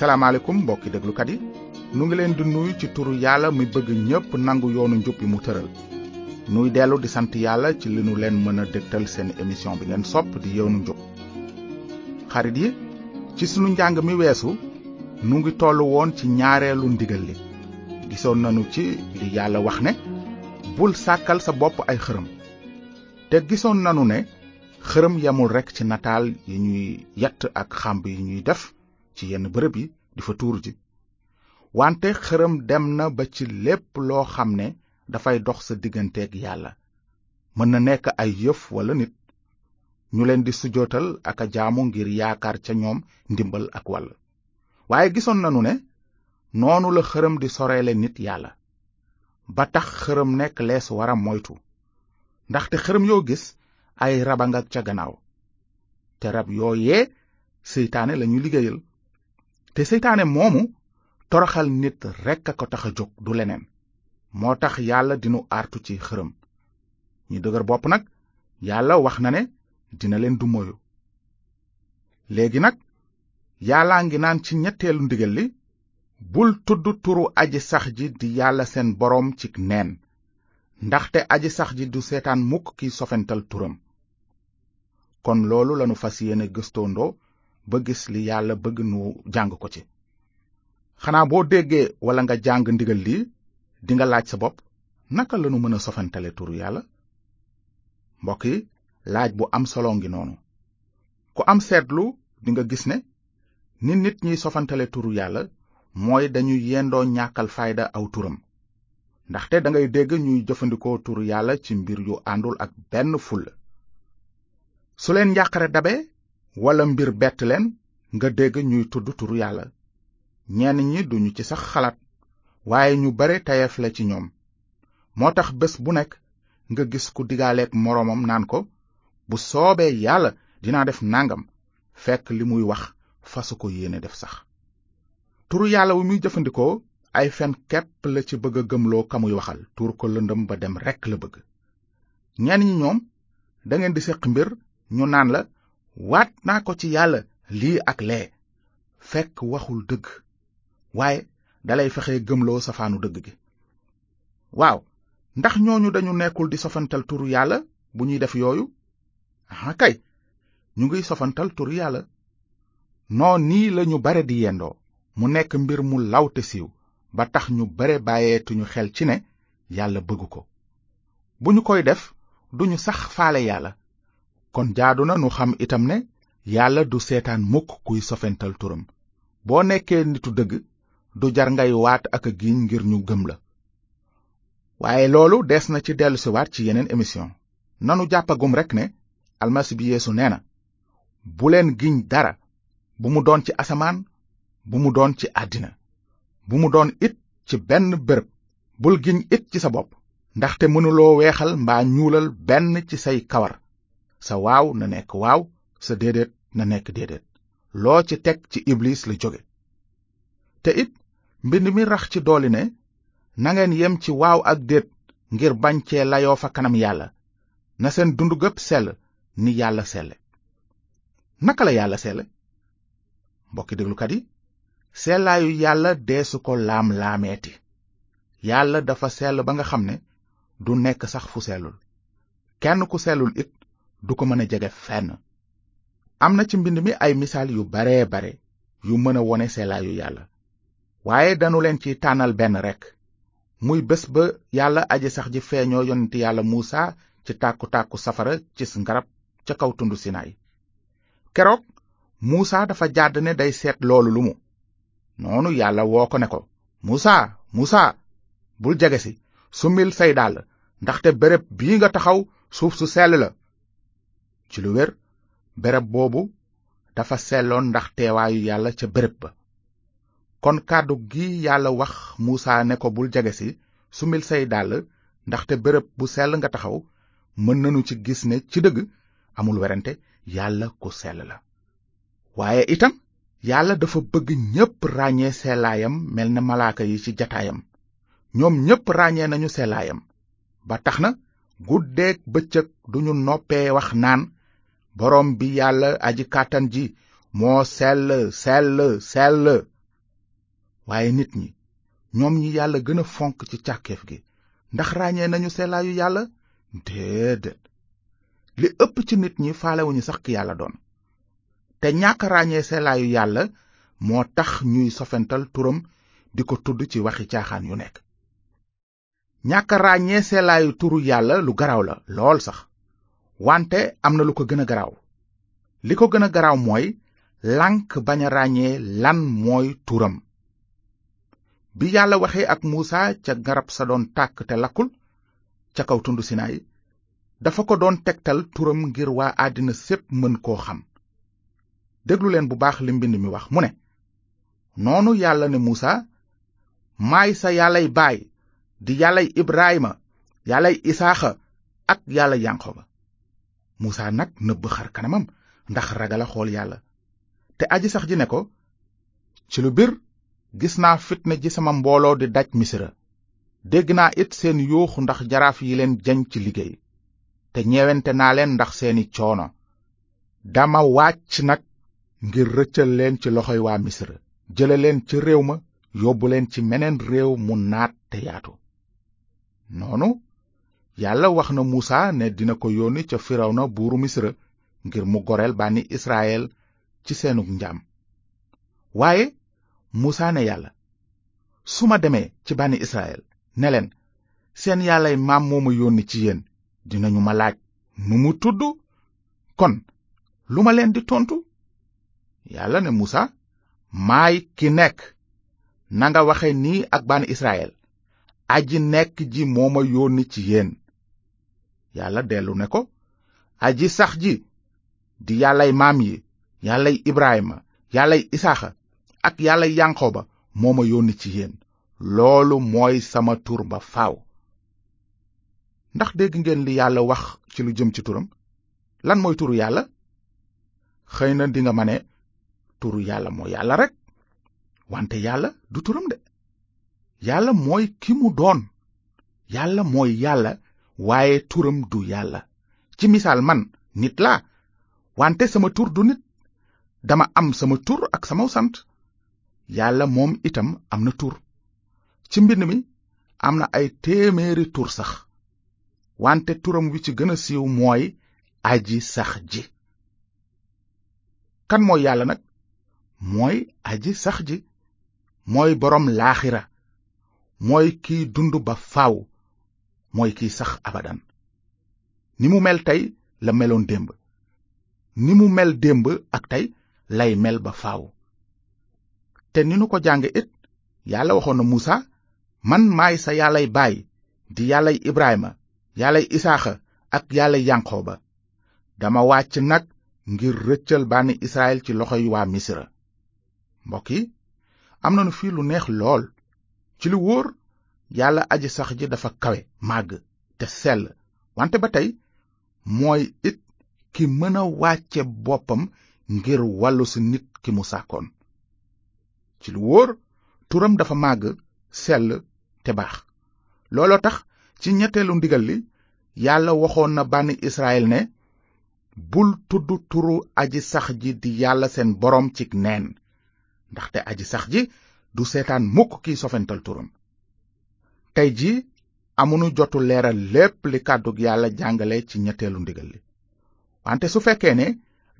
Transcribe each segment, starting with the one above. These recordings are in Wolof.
salaamaaleykum mbokki déglukat yi mu ngi leen di nuyu ci turu yàlla mi bëgg ñépp nangu yoonu njub bi mu tëral nuy dellu di sant yàlla ci li nu leen mën a dégtal seen émission bi ngeen sopp di yoonu njub xarit yi ci sunu njàng mi weesu mu ngi tollu woon ci ñaareelu ndigal li gisoon nanu ci li yàlla wax ne bul sàkkal sa bopp ay xërëm te gisoon nanu ne xërëm yamul rekk ci nataal yi ñuy yatt ak xàmb yi ñuy def ci yenn bërëb yi di fa tuur ji wante xërëm dem na ba ci lépp loo xam ne dafay dox sa digganteeg yàlla mën na nekk ay yëf walla nit ñu leen di sujootal ak a jaamu ngir yaakaar ca ñoom ndimbal ak wàll waaye gisoon nanu ne noonu la xërëm di soreele nit yàlla ba tax xërëm nekk lees wara moytu ndaxte xërëm yoo gis ay raba nga ca gannaaw te rab yoo yooyee seytaane lañu liggéeyal te seytaane moomu toroxal nit rekk a ko tax a jóg du leneen moo tax yàlla dinu artu ci xërëm ñi dëgër bopp nag yàlla wax na ne dina leen du moyu léegi nag yàllaa ngi naan ci ñetteelu ndigal li bul tudd turu aji sax ji di yàlla seen boroom ci neen ndaxte aji sax ji du seetaan mukk kiy sofental turam kon loolu lanu fas yéene gëstoondoo ba gis li yàlla bëgg nu jàng ko ci xanaa boo déggee walla nga jàng ndigal lii dinga laaj sa bopp naka lanu mën a sofantale turu yàlla mbokk yi laaj bu am solo ngi noonu ku am seetlu dinga gis ne ni nit ñiy sofantale turu yàlla mooy dañu yendoo ñàkkal fayda aw turam ndaxte dangay dégg ñuy jëfandikoo turu yàlla ci mbir yu àndul ak benn fulla su leen njàqare dabe walla mbir bett leen nga dégg ñuy tudd tur yàlla ñenn ñi duñu ci sax xalaat waaye ñu bare tayef la ci ñoom moo tax bés bu nekk nga gis ku digaaleeg moroomam naan ko bu soobee yàlla dinaa def nangam fekk li muy wax fasu ko yéene def sax turu yàlla wu muy jëfandikoo ay fen kepp la ci bëgg a gëmloo ka waxal tuur ko lëndëm ba dem rekk la bëgg ñenn ñi ñoom dangeen di séq mbir ñu naan la waat naa ko ci yàlla lii ak lee fekk waxul dëgg waaye dalay fexe gëmloo safaanu dëgg gi waaw ndax ñooñu dañu nekkul di sofantal turu yàlla bu ñuy def yooyu aha kay ñu ngiy sofantal tur yàlla noo nii lañu bare di yendoo mu nekk mbir mu lawte siiw ba tax ñu bare bàyyeetuñu xel ci ne yàlla bëgg ko bu ñu koy def duñu sax faale yàlla kon jaadu na nu xam itam ne yàlla du seetaan mukk kuy sofental turam boo nekkee nitu dëgg du jar ngay waat ak a giiñ ngir ñu gëm la waaye loolu des na ci dellusiwaat ci yeneen émission nanu jàppagum rek ne almasi bi yéesu nee na buleen leen dara bu mu doon ci asamaan bu mu doon ci àddina bu mu doon it ci benn bërëb bul giñ it ci sa bopp ndaxte mënuloo weexal mbaa ñuulal benn ci say kawar sa waaw na nekk waaw sa déedéet na nekk déedéet loo ci teg ci iblis la jóge te it mbind mi rax ci dooli ne nangeen yem ci waaw ak déet ngir bañ cee layoo fa kanam yàlla na seen dund gépp sell ni yàlla selle naka la yàlla selle mbokki déglukat yi sellaayu yàlla deesu ko laam laameeti yàlla dafa sell ba nga xam ne du nekk sax fu sellul kenn ku sellul it du ko mën a jege fenn am na ci mbind mi ay misaal yu baree bare yu mën a wone selaayu yàlla waaye danu leen ci tànnal benn rekk muy bés ba yàlla aji sax ji feeñoo yonent yàlla muusa ci tàkku tàkku safara ci ngarab ca kaw tundu sinaay keroog muusa dafa jàdd ne day seet loolu lu mu noonu yàlla woo ko ne ko muusa muusa bul jege si su summil say dàll ndaxte bërëb bii nga taxaw suuf su sell la ci lu wér bereb boobu dafa selloon ndax teewaayu yàlla ca béréb ba kon kàddu gi yàlla wax muusa ne ko bul jege si sumil say dàll ndaxte béréb bu sell nga taxaw mën nanu ci gis ne ci dëgg amul werante yàlla ku sell la waaye itam yàlla dafa bëgg ñépp ràññee sellaayam mel na malaaka yi ci jataayam ñoom ñépp ràññee nañu sellaayam ba tax na guddeeg bëccëg duñu noppee wax naan borom bi yàlla aji kàttan ji moo sell sell sell waaye nit ñi ñoom ñi yàlla gën a fonk ci càkkeef gi ndax ràññee nañu sellaayu yàlla déedéet li ëpp ci nit ñi faalewuñu sax ki yàlla doon te ñàkk ràññee sellaayu yàlla moo tax ñuy sofental turam di ko tudd ci waxi caaxaan yu nekk ñàkk ràññee sellaayu turu yàlla lu garaw la lool sax wante am na lu ko gën a garaaw li ko gën a garaaw mooy lànk bañ a ràññee lan mooy turam bi yàlla waxee ak muusa ca garab sa doon tàkk te lakkul ca kaw tund sinaay dafa ko doon tegtal turam ngir waa àddina sépp mën koo xam déglu leen bu baax li mbind mi wax mu ne noonu yàlla ne muusa maay sa yàllay baay di yàllay ibrahima yàllay isaaxa ak yàlla yanqoba musaa nag nëbb xar kanamam ndax ragala xool yàlla te aji sax ji ne ko ci lu bir gis naa fitna ji sama mbooloo di daj misira dégg naa it seen yuuxu ndax jaraaf yi leen jañ ci liggéey te ñeewente naa leen ndax seeni coono dama wàcc nag ngir rëccal leen ci loxoy waa misra jële leen ci réew ma yóbbuleen ci meneen réew mu naat te yaatu noonu yàlla wax na muusa ne dina ko yónni ca firawna buuru misra ngir mu goreel bànni israel ci seenug njaam waaye muusa ne yàlla su ma demee ci bànni israel ne leen seen yàllay maam moo ma yónni ci yéen dinañu ma laaj nu mu tudd kon lu ma leen di tontu yàlla ne muusa maay ki nekk nanga waxe nii ak bànni israel aji nekk ji moo ma yónni ci yéen yàlla dellu ne ko aji sax ji di yàllay maam yi yàllay ibrahima yàllay isaaxa ak yàllay yanqoba moo ma yónni ci yéen loolu mooy sama tur ba faaw ndax dégg ngeen li yàlla wax ci lu jëm ci turam lan mooy turu yàlla xëy na dinga ma ne turu yàlla moo yàlla rek wante yàlla du turam de yàlla mooy ki mu doon yàlla mooy yàlla waaye turam du yàlla ci misaal man nit laa wante sama tur du nit dama am sama tur ak sama sant yàlla moom itam am na tur ci mbind mi am na ay téeméeri tur sax wante turam wi ci gën a siiw mooy aji sax ji kan mooy yàlla nag mooy aji sax ji mooy boroom laaxira mooy kiy dund ba faw mooy kiy sax abadan ni mu mel tey la meloon démb ni mu mel démb ak tey lay mel ba faaw te ni nu ko jànge it yàlla waxoon na Musa man maay sa yàllay baay di yàllay Ibrahima yàllay Isaaxa ak yàllay Yanqooba dama wàcc nag ngir rëccal bànni Israyil ci loxo loxoy waa Misra mbokk yi am nañu fii lu neex lool ci lu wóor yàlla aji sax ji dafa kawe màgg te sell wante ba tey mooy it ki mën a wàcce boppam ngir wàllu si nit ki mu sàkkoon ci lu wóor turam dafa màgg sell te baax looloo tax ci ñetteelu ndigal li yàlla waxoon na bànni Israël ne bul tudd turu aji sax ji di yàlla seen boroom ci neen ndaxte aji sax ji du seetaan mukk kiy sofental turam tey ji amunu jotu leeral lépp li kàddu yàlla jàngale ci ñetteelu ndigal li wante su fekkee ne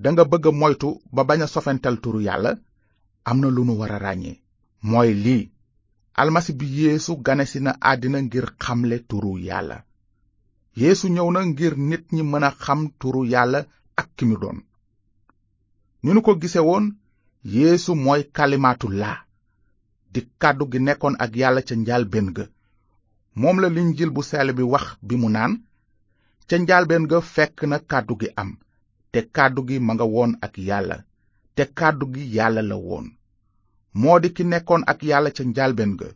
danga bëgg a moytu ba bañ a sofental turu yàlla am na lu nu war a ràññee mooy lii almasi bi yéesu ganesi na àddina ngir xamle turu yàlla yéesu ñëw na ngir nit ñi mën a xam turu yàlla ak ki ñu doon ni nu ko gise woon yéesu mooy kalimaatu laa di kàddu gi nekkoon ak yàlla ca njaal benn ga moom la linjil bu sell bi wax bi mu naan ca njaalbeen ga fekk na kàddu gi am te kàddu gi ma nga woon ak yàlla te kàddu gi yàlla la woon moo di ki nekkoon ak yàlla ca njaalbeen ga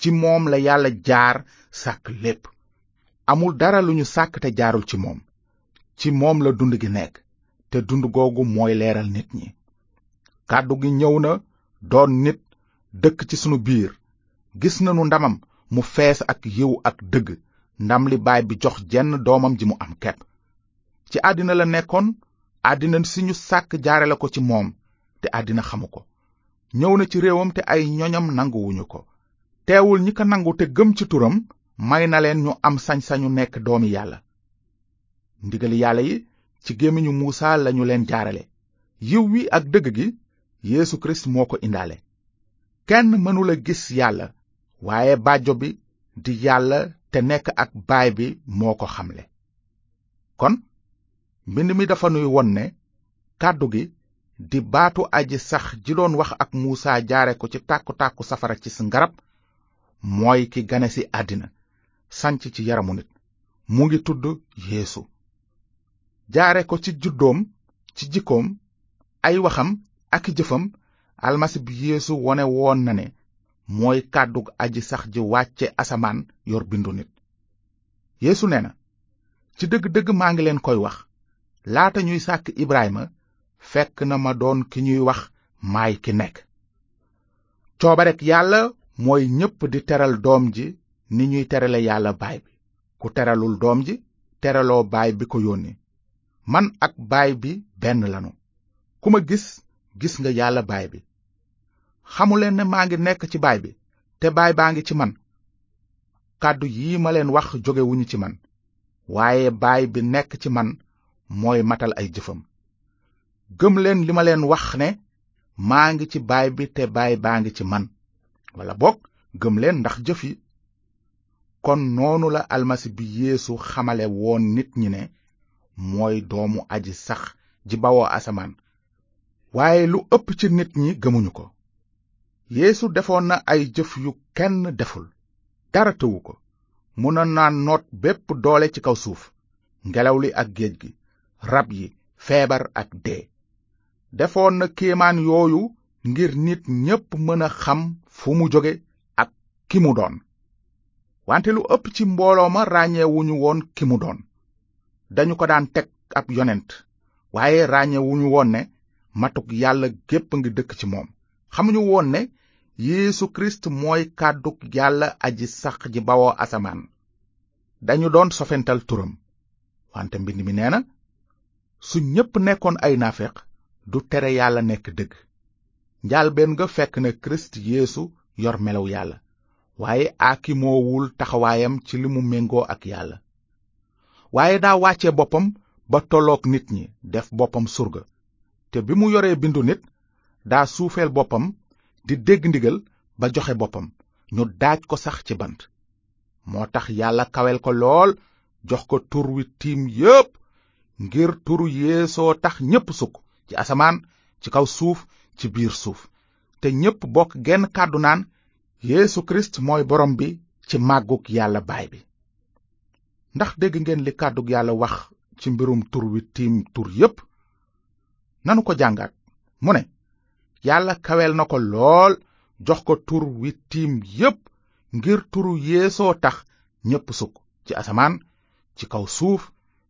ci moom la yàlla jaar sàkk lépp amul dara lu ñu sàkk te jaarul ci moom ci moom la dund gi nekk te dund googu mooy leeral nit ñi kàddu gi ñëw na doon nit dëkk ci sunu biir gis nanu ndamam mu fees ak yiw ak dëgg ndam li baay bi jox jenn doomam ji mu am kepp ci àddina la nekkoon àddina si ñu sàkk jaarale ko ci moom te àddina xamu ko ñëw na ci réewam te ay ñoñam nanguwuñu ko teewul ñi ko nangu te gëm ci turam may na leen ñu am sañ-sañu nekk doomi yàlla ndigali yàlla yi ci gémmiñu muusa lañu leen jaarale yiw wi ak dëgg gi yéesu kirist moo ko indaale kenn mënula gis yàlla waaye bàjjo bi di yàlla te nekk ak baay bi moo ko xamle kon mbind mi dafa nuy won ne kàddu gi di baatu aji sax ji doon wax ak muusa jaare ko ci tàkku-tàkku safara ci ngarab mooy ki gane si àddina sanc ci yaramu nit mu ngi tudd yeesu jaare ko ci juddoom ci jikkoom ay waxam ak jëfam almasi bi yeesu wone woon na ne mooy kàddug aji sax ji wàcce asamaan yor bindu nit yeesu nee na ci dëgg-dëgg maa ngi leen koy wax laata ñuy sàkk ibrahima fekk na ma doon ki ñuy wax may ki nekk coobarek yàlla mooy ñépp di teral doom ji ni ñuy terale yàlla baay bi ku teralul doom ji teraloo baay bi ko yónni man ak baay bi benn lanu ku ma gis gis nga yàlla baay bi xamuleen ne maa ngi nekk ci baay bi te baay baa ngi ci man kàddu yi ma leen wax jógewuñu ci man waaye baay bi nekk ci man mooy matal ay jëfam gëm leen li ma leen wax ne maa ngi ci baay bi te baay baa ngi ci man wala bokk gëm leen ndax jëf yi kon noonu la almasi bi yéesu xamale woon nit ñi ne mooy doomu aji sax ji bawoo asamaan waaye lu ëpp ci nit ñi gëmuñu ko yeesu defoon na ay jëf yu kenn deful dara tëwu ko mënoon na noot bépp doole ci kaw suuf ngelaw li ak géej gi rab yi feebar ak dee defoon na kéemaan yooyu ngir nit ñépp mën a xam fu mu jóge ak ki mu doon wante lu ëpp ci mbooloo ma ràññeewuñu woon ki mu doon dañu ko daan teg ab yonent waaye ràññeewuñu woon ne matuk yàlla gépp ngi dëkk ci moom xamuñu woon ne yéesu kirist mooy kàddug yàlla aji sax ji bawoo asamaan dañu doon sofental turam wante mbind mi nee na su ñépp nekkoon ay naafeq du tere yàlla nekk dëgg njaalbeen nga fekk na kirist yéesu yor melaw yàlla waaye aakimoowul taxawaayam ci li mu méngoo ak yàlla waaye daa wàcce boppam ba tolloog nit ñi def boppam surga te bi mu yoree bindu nit daa suufeel boppam di dégg ndigal ba joxe boppam ñu daaj ko sax ci bant moo tax yàlla kawel ko lool jox ko tur wi tiim yépp ngir turu yeesoo tax ñépp sukk ci asamaan ci kaw suuf ci biir suuf te ñépp bokk genn kàddu naan Yeesu Kirist mooy borom bi ci màggug yàlla baay bi ndax dégg ngeen li kàddug yàlla wax ci mbirum tur wi tiim tur yépp nanu ko jàngaat mu ne yàlla kawel na ko lool jox ko tur wi tiim yépp ngir turu yéesoo tax ñépp sukk ci asamaan ci kaw suuf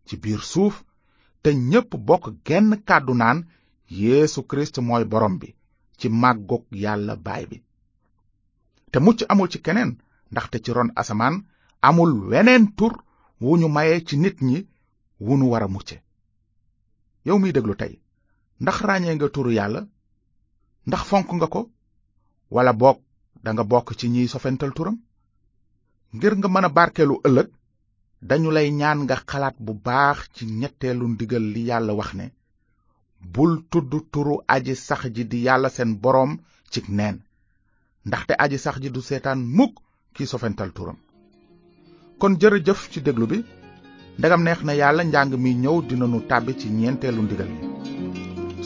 ci biir suuf te ñépp bokk genn kàddu naan yeesu kirist mooy borom bi ci màggoog yàlla baay bi te mucc amul ci keneen ndaxte ci ron asamaan amul weneen tur wu ñu maye ci nit ñi wu nu war a mucce yow miy déglu tey ndax ràññee nga turu yàlla ndax fonk nga ko wala boog danga bokk ci ñiy sofental turam ngir nga mën a barkeelu ëllëg dañu lay ñaan nga xalaat bu baax ci ñetteelu ndigal li yàlla wax ne bul tudd turu aji sax ji di yàlla seen boroom ci neen ndaxte aji sax ji du seetaan mukk ki sofental turam kon jërëjëf ci déglu bi ndegam neex na yàlla njàng mi ñëw dina nu tàbbi ci ñeenteelu ndigal yi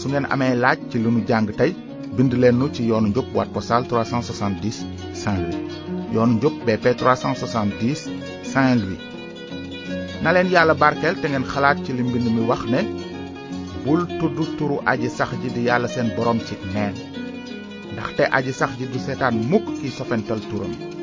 su ngeen amee laaj ci li nu jàng tey bind leen nu ci yoonu njub boîte postale 370 Saint-Louis yoonu njub BP 370 Saint-Louis na leen yàlla barkeel te ngeen xalaat ci li mbind mi wax ne bul tudd turu aji sax ji di yàlla seen borom ci ndax te aji sax ji du seetaan mukk kiy sofental turam